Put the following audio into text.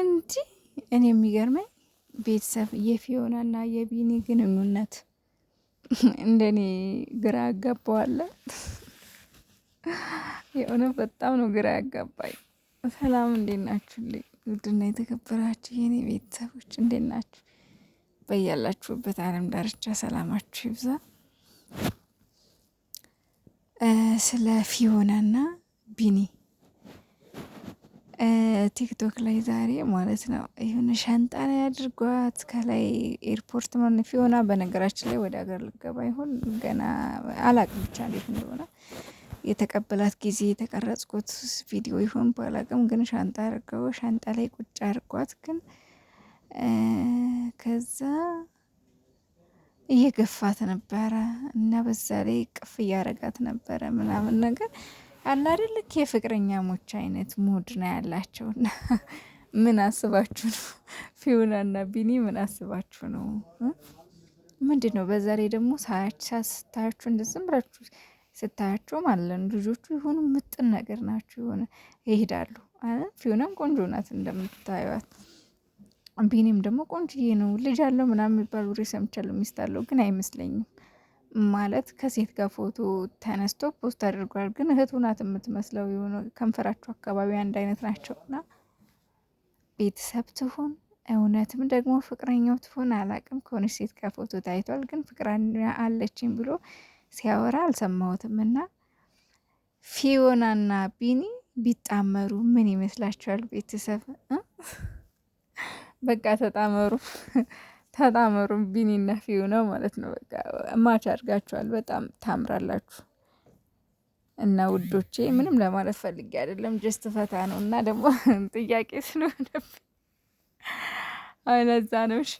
እንጂ እኔ የሚገርመኝ ቤተሰብ የፊዮናና የቢኒ ግንኙነት እንደኔ ግራ ያጋባዋለ። የሆነ በጣም ነው ግራ ያጋባኝ። ሰላም እንዴት ናችሁልኝ? ውድና የተከበራችሁ የኔ ቤተሰቦች እንዴት ናችሁ? በያላችሁበት ዓለም ዳርቻ ሰላማችሁ ይብዛ። ስለ ፊዮናና ቢኒ ቲክቶክ ላይ ዛሬ ማለት ነው ይሁን ሻንጣ ላይ አድርጓት ከላይ ኤርፖርት ማነፊ ሆና፣ በነገራችን ላይ ወደ ሀገር ልገባ ይሆን ገና አላቅም፣ ብቻ እንዴት እንደሆነ የተቀበላት ጊዜ የተቀረጽኩት ቪዲዮ ይሆን ባላቅም፣ ግን ሻንጣ አድርገው ሻንጣ ላይ ቁጭ አድርጓት። ግን ከዛ እየገፋት ነበረ እና በዛ ላይ ቅፍ እያረጋት ነበረ ምናምን ነገር አለ አይደል ልክ የፍቅረኛሞች አይነት ሙድ ነው ያላቸውና ምን አስባችሁ ነው ፊዮና ቢኒ ምን አስባችሁ ነው ምንድን ነው በዛሬ ደግሞ ስታያችሁ እንደዝም ብላችሁ ስታያቸው ማለት ልጆቹ የሆኑ ምጥን ነገር ናቸው የሆነ ይሄዳሉ ፊዮናም ቆንጆ ናት እንደምታዩት ቢኒም ደግሞ ቆንጆዬ ነው ልጅ አለው ምናምን የሚባል ወሬ ሰምቻለሁ ሚስት አለው ግን አይመስለኝም ማለት ከሴት ጋር ፎቶ ተነስቶ ፖስት አድርጓል። ግን እህቱ ናት የምትመስለው። የሆነ ከንፈራቸው አካባቢ አንድ አይነት ናቸው እና ቤተሰብ ትሆን እውነትም ደግሞ ፍቅረኛው ትሆን አላቅም። ከሆነች ሴት ጋር ፎቶ ታይቷል። ግን ፍቅረኛ አለችኝ ብሎ ሲያወራ አልሰማሁትም። እና ፊዮናና ቢኒ ቢጣመሩ ምን ይመስላችኋል? ቤተሰብ በቃ ተጣመሩ። ተጣመሩም ቢኒና ፊዩ ነው ማለት ነው። በቃ ማች አድርጋችኋል። በጣም ታምራላችሁ። እና ውዶቼ ምንም ለማለት ፈልጌ አይደለም፣ ጀስት ፈታ ነው እና ደግሞ ጥያቄ ስለሆነብኝ አይነዛ ነው። እሺ